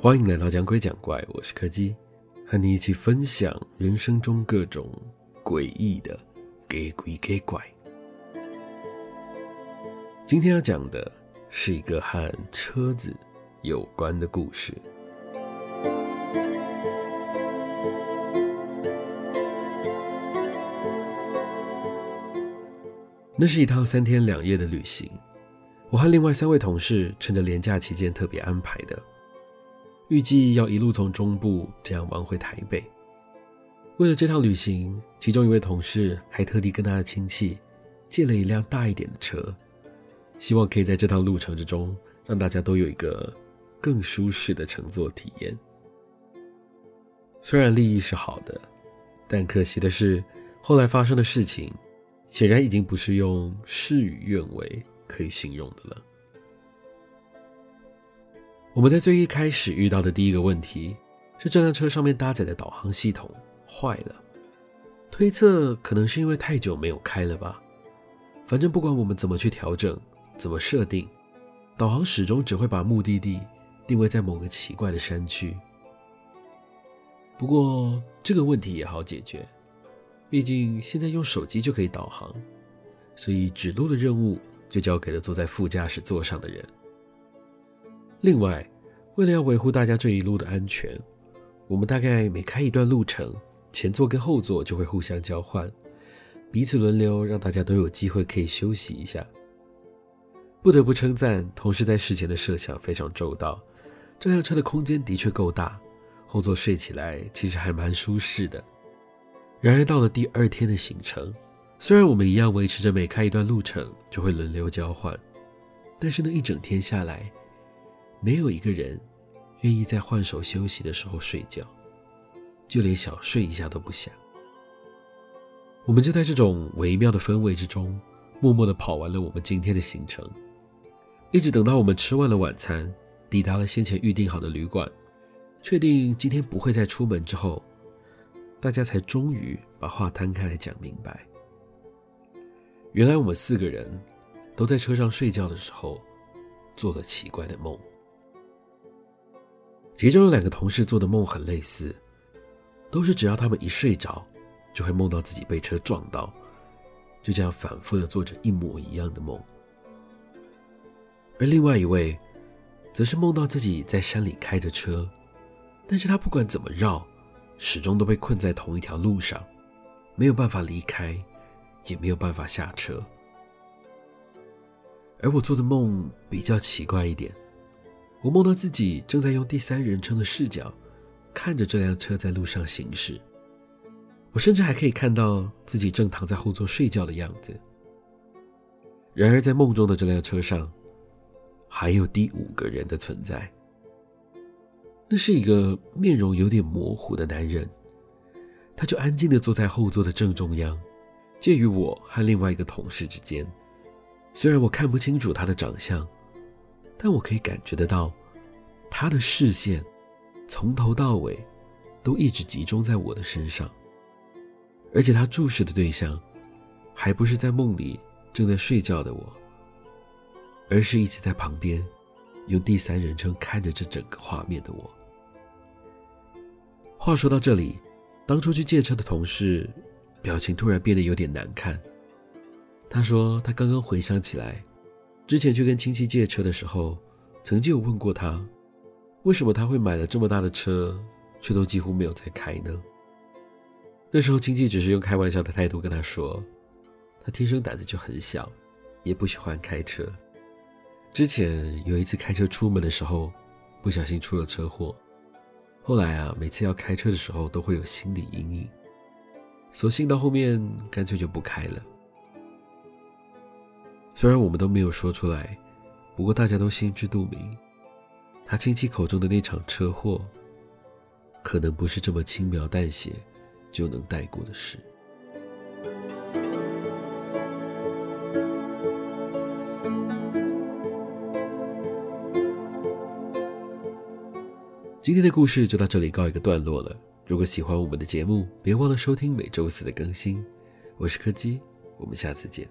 歡迎來到講鬼講怪，我是柯基，和你一起分享人生中各種詭異的鬼鬼怪怪。今天要講的是一個和車子有關的故事。那是一趟三天兩夜的旅行，我和另外三位同事趁着連假期間特別安排的。預計要一路從中部這樣玩回台北。為了這趟旅行，其中一位同事還特地跟他的親戚借了一輛大一點的車，希望可以在這趟路程之中讓大家都有一個更舒適的乘坐體驗。雖然立意是好的，但可惜的是，後來發生的事情顯然已經不是用事與願違可以形容的了。我們在最一開始遇到的第一個問題是，這輛車上面搭載的導航系統壞了，推測可能是因為太久沒有開了吧。反正不管我們怎麼去調整、怎麼設定，導航始終只會把目的地定位在某個奇怪的山區。不過這個問題也好解決，畢竟現在用手機就可以導航，所以指路的任務就交給了坐在副駕駛座上的人。另外，為了要維護大家這一路的安全，我們大概每開一段路程，前座跟後座就會互相交換，彼此輪流，讓大家都有機會可以休息一下。不得不稱讚同事在事前的設想非常周到，這輛車的空間的確夠大，後座睡起來其實還蠻舒適的。然而到了第二天的行程，雖然我們一樣維持着每開一段路程就會輪流交換，但是呢一整天下來，沒有一個人願意在換手休息的時候睡覺，就連小睡一下都不想。我們就在這種微妙的氛圍之中，默默的跑完了我們今天的行程，一直等到我們吃完了晚餐，抵達了先前預定好的旅館，確定今天不會再出門之後，大家才終於把話攤開來講明白。原來我們四個人都在車上睡覺的時候，做了奇怪的夢。其中有兩個同事做的夢很類似，都是只要他們一睡着，就會夢到自己被車撞到，就這樣反覆的做着一模一樣的夢。而另外一位，則是夢到自己在山裡開着車，但是他不管怎麼繞，始終都被困在同一條路上，沒有辦法離開，也沒有辦法下車。而我做的夢比較奇怪一點。我夢到自己正在用第三人稱的視角看着這輛車在路上行駛，我甚至還可以看到自己正躺在後座睡覺的樣子。然而，在夢中的這輛車上，還有第五個人的存在。那是一個面容有點模糊的男人，他就安靜地坐在後座的正中央，介於我和另外一個同事之間。雖然我看不清楚他的長相。但我可以感覺得到，他的視線從頭到尾都一直集中在我的身上，而且他注視的對象還不是在夢裡正在睡覺的我，而是一直在旁邊用第三人稱看着這整個畫面的我。話說到這裡，當初去借車的同事表情突然變得有點難看，他說他剛剛回想起來。之前去跟親戚借車的時候，曾經有問過他，為什麼他會買了這麼大的車，卻都幾乎沒有在開呢？那時候親戚只是用開玩笑的態度跟他說，他天生膽子就很小，也不喜歡開車。之前有一次開車出門的時候，不小心出了車禍。後來啊，每次要開車的時候都會有心理陰影，索性到後面乾脆就不開了。雖然我們都沒有說出來，不過大家都心知肚明，他親戚口中的那場車禍，可能不是這麼輕描淡寫就能帶過的事。今天的故事就到這裡告一個段落了。如果喜歡我們的節目，別忘了收聽每週四的更新。我是柯基，我們下次見。